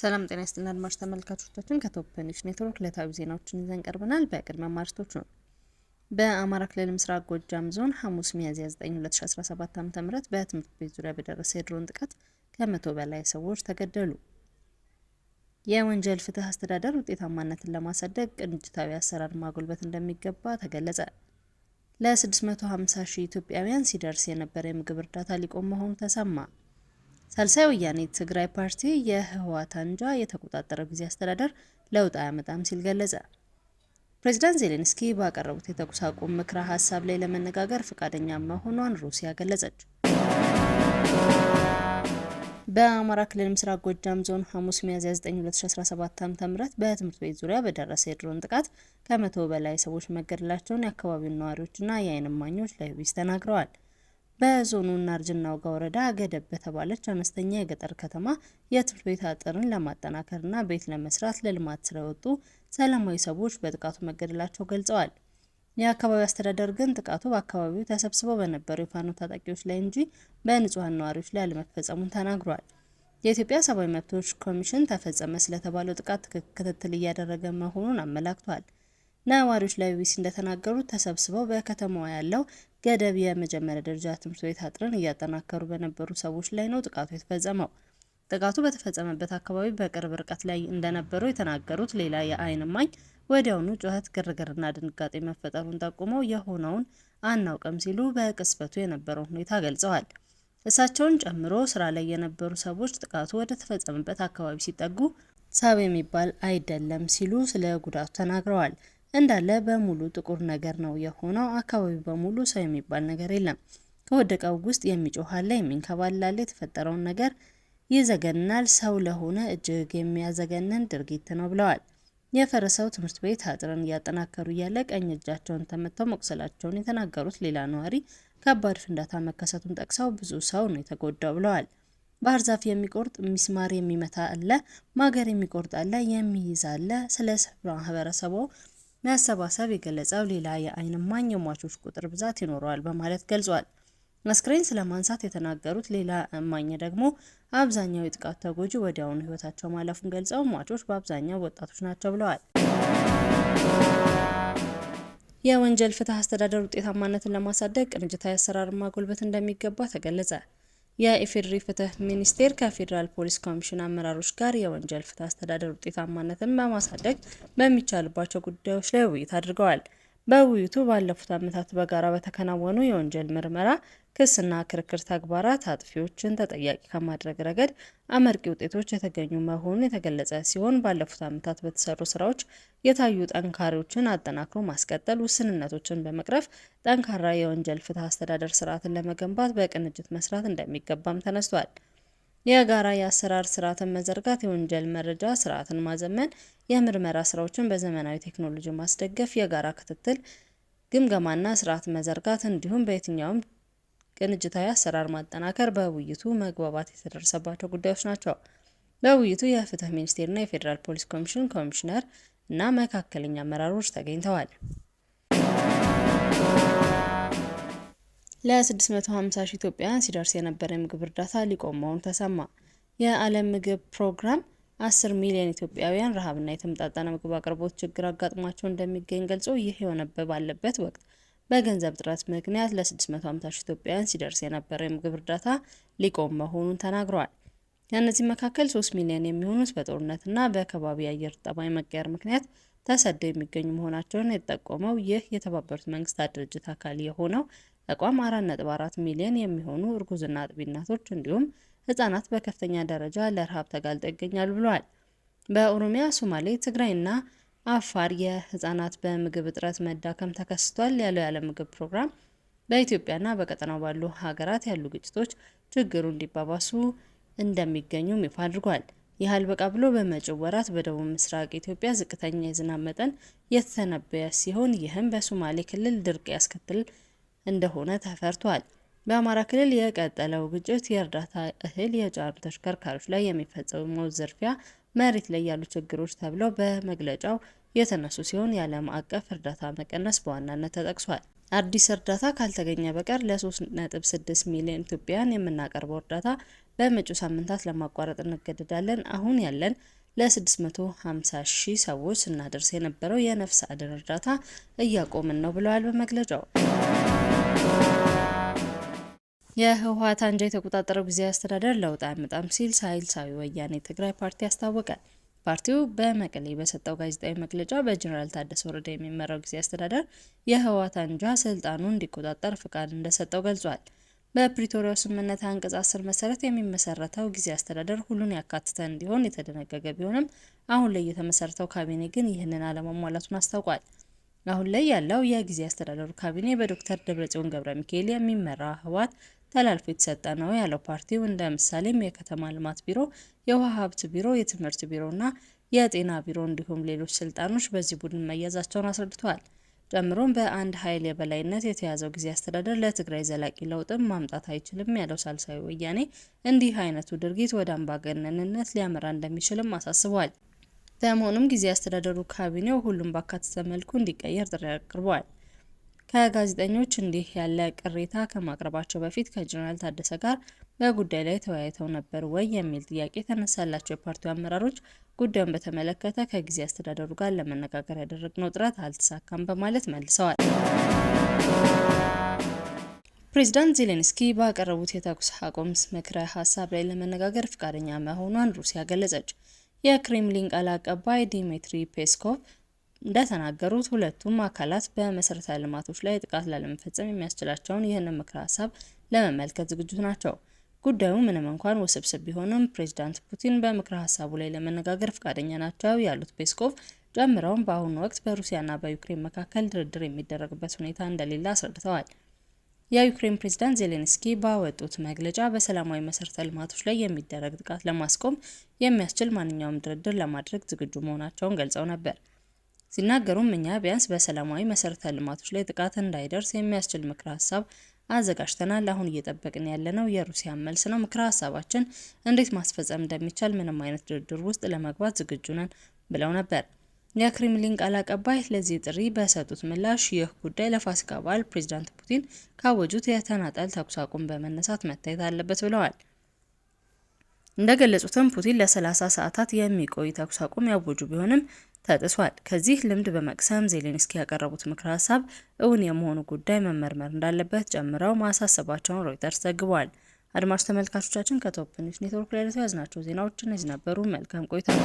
ሰላም ጤና ይስጥልን አድማጭ ተመልካቾቻችን ከቶፕ ኔትወርክ ዕለታዊ ዜናዎችን ይዘን ቀርበናል። በቅድመ ማርዕስቶቹ ነው። በአማራ ክልል ምስራቅ ጎጃም ዞን ሐሙስ ሚያዝያ 9 2017 ዓ.ም በትምህርት ቤት ዙሪያ በደረሰ የድሮን ጥቃት ከመቶ በላይ ሰዎች ተገደሉ። የወንጀል ፍትህ አስተዳደር ውጤታማነትን ለማሳደግ ቅንጅታዊ አሰራር ማጎልበት እንደሚገባ ተገለጸ። ለ650 ሺህ ኢትዮጵያውያን ሲደርስ የነበረ የምግብ እርዳታ ሊቆም መሆኑ ተሰማ። ሳልሳይ ወያኔ ትግራይ ፓርቲ የህወሓት አንጃ የተቆጣጠረው ጊዜ አስተዳደር ለውጥ አያመጣም ሲል ገለጸ። ፕሬዚዳንት ዜሌንስኪ ባቀረቡት የተኩስ አቁም ምክረ ሀሳብ ላይ ለመነጋገር ፈቃደኛ መሆኗን ሩሲያ ገለጸች። በአማራ ክልል ምስራቅ ጎጃም ዞን ሐሙስ ሚያዝያ 9 2017 ዓ.ም በትምህርት ቤት ዙሪያ በደረሰ የድሮን ጥቃት ከመቶ በላይ ሰዎች መገደላቸውን የአካባቢው ነዋሪዎችና የዓይን እማኞች ለቢቢሲ ተናግረዋል። በዞኑ እናርጅና ውጋ ወረዳ ገደብ በተባለች አነስተኛ የገጠር ከተማ የትምህርት ቤት አጥርን ለማጠናከርና ቤት ለመስራት ለልማት ስለወጡ ሰላማዊ ሰዎች በጥቃቱ መገደላቸው ገልጸዋል። የአካባቢው አስተዳደር ግን ጥቃቱ በአካባቢው ተሰብስበው በነበሩ የፋኖ ታጣቂዎች ላይ እንጂ በንጹሐን ነዋሪዎች ላይ አለመፈጸሙን ተናግሯል። የኢትዮጵያ ሰብአዊ መብቶች ኮሚሽን ተፈጸመ ስለተባለው ጥቃት ክትትል እያደረገ መሆኑን አመላክቷል። ነዋሪዎች ለቢቢሲ እንደተናገሩት ተሰብስበው በከተማዋ ያለው ገደብ የመጀመሪያ ደረጃ ትምህርት ቤት አጥርን እያጠናከሩ በነበሩ ሰዎች ላይ ነው ጥቃቱ የተፈጸመው። ጥቃቱ በተፈጸመበት አካባቢ በቅርብ ርቀት ላይ እንደነበሩ የተናገሩት ሌላ የአይን እማኝ ወዲያውኑ ጩኸት፣ ግርግርና ድንጋጤ መፈጠሩን ጠቁመው የሆነውን አናውቅም ሲሉ በቅስፈቱ የነበረውን ሁኔታ ገልጸዋል። እሳቸውን ጨምሮ ስራ ላይ የነበሩ ሰዎች ጥቃቱ ወደ ተፈጸመበት አካባቢ ሲጠጉ ሰብ የሚባል አይደለም ሲሉ ስለ ጉዳቱ ተናግረዋል። እንዳለ በሙሉ ጥቁር ነገር ነው የሆነው። አካባቢ በሙሉ ሰው የሚባል ነገር የለም። ከወደቀው ውስጥ የሚጮህ አለ፣ የሚንከባለል የተፈጠረውን ነገር ይዘገናል ሰው ለሆነ እጅግ የሚያዘገንን ድርጊት ነው ብለዋል። የፈረሰው ትምህርት ቤት አጥርን እያጠናከሩ እያለ ቀኝ እጃቸውን ተመተው መቁሰላቸውን የተናገሩት ሌላ ነዋሪ ከባድ ፍንዳታ መከሰቱን ጠቅሰው ብዙ ሰው ነው የተጎዳው ብለዋል። ባህር ዛፍ የሚቆርጥ ሚስማር የሚመታ አለ፣ ማገር የሚቆርጥ አለ፣ የሚይዝ አለ። ስለ ማህበረሰቡ መሰባሰብ የገለጸው ሌላ የአይን እማኝ የሟቾች ቁጥር ብዛት ይኖረዋል በማለት ገልጿል። አስክሬን ስለማንሳት የተናገሩት ሌላ እማኝ ደግሞ አብዛኛው የጥቃት ተጎጂ ወዲያውኑ ህይወታቸው ማለፉን ገልጸው ሟቾች በአብዛኛው ወጣቶች ናቸው ብለዋል። የወንጀል ፍትህ አስተዳደር ውጤታማነትን ለማሳደግ ቅንጅታዊ አሰራር ማጎልበት እንደሚገባ ተገለጸ። የኢፌዴሪ ፍትህ ሚኒስቴር ከፌዴራል ፖሊስ ኮሚሽን አመራሮች ጋር የወንጀል ፍትህ አስተዳደር ውጤታማነትን በማሳደግ በሚቻልባቸው ጉዳዮች ላይ ውይይት አድርገዋል። በውይይቱ ባለፉት ዓመታት በጋራ በተከናወኑ የወንጀል ምርመራ ክስና ክርክር ተግባራት አጥፊዎችን ተጠያቂ ከማድረግ ረገድ አመርቂ ውጤቶች የተገኙ መሆኑን የተገለጸ ሲሆን ባለፉት ዓመታት በተሰሩ ስራዎች የታዩ ጠንካሪዎችን አጠናክሮ ማስቀጠል፣ ውስንነቶችን በመቅረፍ ጠንካራ የወንጀል ፍትህ አስተዳደር ስርዓትን ለመገንባት በቅንጅት መስራት እንደሚገባም ተነስቷል። የጋራ የአሰራር ስርዓትን መዘርጋት፣ የወንጀል መረጃ ስርዓትን ማዘመን፣ የምርመራ ስራዎችን በዘመናዊ ቴክኖሎጂ ማስደገፍ፣ የጋራ ክትትል ግምገማና ስርዓት መዘርጋት እንዲሁም በየትኛውም ቅንጅታዊ አሰራር ማጠናከር በውይይቱ መግባባት የተደረሰባቸው ጉዳዮች ናቸው። በውይይቱ የፍትህ ሚኒስቴርና የፌዴራል ፖሊስ ኮሚሽን ኮሚሽነር እና መካከለኛ አመራሮች ተገኝተዋል። ለ650 ሺህ ኢትዮጵያውያን ሲደርስ የነበረ የምግብ እርዳታ ሊቆም መሆኑ ተሰማ። የዓለም ምግብ ፕሮግራም 10 ሚሊዮን ኢትዮጵያውያን ረሃብና የተመጣጠነ ምግብ አቅርቦት ችግር አጋጥሟቸው እንደሚገኝ ገልጾ ይህ የሆነበት ባለበት ወቅት በገንዘብ ጥረት ምክንያት ለ650 ሺህ ኢትዮጵያውያን ሲደርስ የነበረ የምግብ እርዳታ ሊቆም መሆኑን ተናግረዋል። ከእነዚህ መካከል 3 ሚሊዮን የሚሆኑት በጦርነትና በከባቢ አየር ጠባይ መቀየር ምክንያት ተሰደው የሚገኙ መሆናቸውን የጠቆመው ይህ የተባበሩት መንግስታት ድርጅት አካል የሆነው ተቋም 4.4 ሚሊዮን የሚሆኑ እርጉዝና አጥቢ እናቶች እንዲሁም ህጻናት በከፍተኛ ደረጃ ለረሃብ ተጋልጠው ይገኛሉ ብለዋል። በኦሮሚያ፣ ሶማሌ፣ ትግራይና አፋር የህጻናት በምግብ እጥረት መዳከም ተከስቷል ያለው የዓለም ምግብ ፕሮግራም በኢትዮጵያና በቀጠናው ባሉ ሀገራት ያሉ ግጭቶች ችግሩ እንዲባባሱ እንደሚገኙም ይፋ አድርጓል። ይህ አልበቃ ብሎ በመጪው ወራት በደቡብ ምስራቅ ኢትዮጵያ ዝቅተኛ የዝናብ መጠን የተተነበየ ሲሆን ይህም በሶማሌ ክልል ድርቅ ያስከትል እንደሆነ ተፈርቷል። በአማራ ክልል የቀጠለው ግጭት፣ የእርዳታ እህል የጫኑ ተሽከርካሪዎች ላይ የሚፈጸመው ዝርፊያ፣ መሬት ላይ ያሉ ችግሮች ተብለው በመግለጫው የተነሱ ሲሆን የዓለም አቀፍ እርዳታ መቀነስ በዋናነት ተጠቅሷል። አዲስ እርዳታ ካልተገኘ በቀር ለ3.6 ሚሊዮን ኢትዮጵያውያን የምናቀርበው እርዳታ በመጪው ሳምንታት ለማቋረጥ እንገደዳለን። አሁን ያለን ለ650 ሺህ ሰዎች ስናደርስ የነበረው የነፍስ አድን እርዳታ እያቆምን ነው ብለዋል በመግለጫው። የህወሓት አንጃ የተቆጣጠረው ጊዜያዊ አስተዳደር ለውጥ አያመጣም ሲል ሳይል ሳዊ ወያኔ ትግራይ ፓርቲ አስታወቀ። ፓርቲው በመቀሌ በሰጠው ጋዜጣዊ መግለጫ በጀኔራል ታደሰ ወረደ የሚመራው ጊዜ አስተዳደር የህወሓት አንጃ ስልጣኑን እንዲቆጣጠር ፍቃድ እንደሰጠው ገልጿል። በፕሪቶሪያው ስምምነት አንቀጽ አስር መሰረት የሚመሰረተው ጊዜ አስተዳደር ሁሉን ያካተተ እንዲሆን የተደነገገ ቢሆንም አሁን ላይ የተመሰረተው ካቢኔ ግን ይህንን አለማሟላቱን አስታውቋል። አሁን ላይ ያለው የጊዜ አስተዳደሩ ካቢኔ በዶክተር ደብረጽዮን ገብረ ሚካኤል የሚመራ ህወሓት ተላልፎ የተሰጠ ነው ያለው ፓርቲው እንደ ምሳሌም የከተማ ልማት ቢሮ፣ የውሃ ሀብት ቢሮ፣ የትምህርት ቢሮ እና የጤና ቢሮ እንዲሁም ሌሎች ስልጣኖች በዚህ ቡድን መያዛቸውን አስረድተዋል። ጨምሮም በአንድ ኃይል የበላይነት የተያዘው ጊዜ አስተዳደር ለትግራይ ዘላቂ ለውጥም ማምጣት አይችልም ያለው ሳልሳዊ ወያኔ እንዲህ አይነቱ ድርጊት ወደ አምባገነንነት ሊያመራ እንደሚችልም አሳስቧል። በመሆኑም ጊዜ አስተዳደሩ ካቢኔው ሁሉም ባካተተ መልኩ እንዲቀየር ጥሪ አቅርበዋል። ከጋዜጠኞች እንዲህ ያለ ቅሬታ ከማቅረባቸው በፊት ከጀነራል ታደሰ ጋር በጉዳዩ ላይ ተወያይተው ነበር ወይ የሚል ጥያቄ የተነሳላቸው የፓርቲው አመራሮች ጉዳዩን በተመለከተ ከጊዜ አስተዳደሩ ጋር ለመነጋገር ያደረግነው ጥረት አልተሳካም በማለት መልሰዋል። ፕሬዚዳንት ዜሌንስኪ ባቀረቡት የተኩስ አቁም ምክረ ሀሳብ ላይ ለመነጋገር ፍቃደኛ መሆኗን ሩሲያ ገለጸች። የክሬምሊን ቃል አቀባይ ዲሚትሪ ፔስኮቭ እንደተናገሩት ሁለቱም አካላት በመሰረተ ልማቶች ላይ ጥቃት ላለመፈጸም የሚያስችላቸውን ይህንን ምክረ ሀሳብ ለመመልከት ዝግጁ ናቸው። ጉዳዩ ምንም እንኳን ውስብስብ ቢሆንም ፕሬዚዳንት ፑቲን በምክረ ሀሳቡ ላይ ለመነጋገር ፈቃደኛ ናቸው ያሉት ፔስኮቭ ጨምረውም በአሁኑ ወቅት በሩሲያና በዩክሬን መካከል ድርድር የሚደረግበት ሁኔታ እንደሌለ አስረድተዋል። የዩክሬን ፕሬዝዳንት ዜሌንስኪ ባወጡት መግለጫ በሰላማዊ መሰረተ ልማቶች ላይ የሚደረግ ጥቃት ለማስቆም የሚያስችል ማንኛውም ድርድር ለማድረግ ዝግጁ መሆናቸውን ገልጸው ነበር። ሲናገሩም እኛ ቢያንስ በሰላማዊ መሰረተ ልማቶች ላይ ጥቃት እንዳይደርስ የሚያስችል ምክረ ሀሳብ አዘጋጅተናል። አሁን እየጠበቅን ያለነው የሩሲያን መልስ ነው። ምክረ ሀሳባችን እንዴት ማስፈጸም እንደሚቻል ምንም አይነት ድርድር ውስጥ ለመግባት ዝግጁ ነን ብለው ነበር። የክሬምሊን ቃል አቀባይ ለዚህ ጥሪ በሰጡት ምላሽ ይህ ጉዳይ ለፋሲካ በዓል ፕሬዚዳንት ፑቲን ካወጁት የተናጠል ተኩስ አቁም በመነሳት መታየት አለበት ብለዋል። እንደገለጹትም ፑቲን ለ30 ሰዓታት የሚቆይ ተኩስ አቁም ያወጁ ቢሆንም ተጥሷል። ከዚህ ልምድ በመቅሰም ዜሌንስኪ ያቀረቡት ምክረ ሀሳብ እውን የመሆኑ ጉዳይ መመርመር እንዳለበት ጨምረው ማሳሰባቸውን ሮይተርስ ዘግቧል። አድማጭ ተመልካቾቻችን ከቶፕ ኒውስ ኔትወርክ ላይ ለተያዝናቸው ዜናዎች እነዚህ ነበሩ። መልካም ቆይታ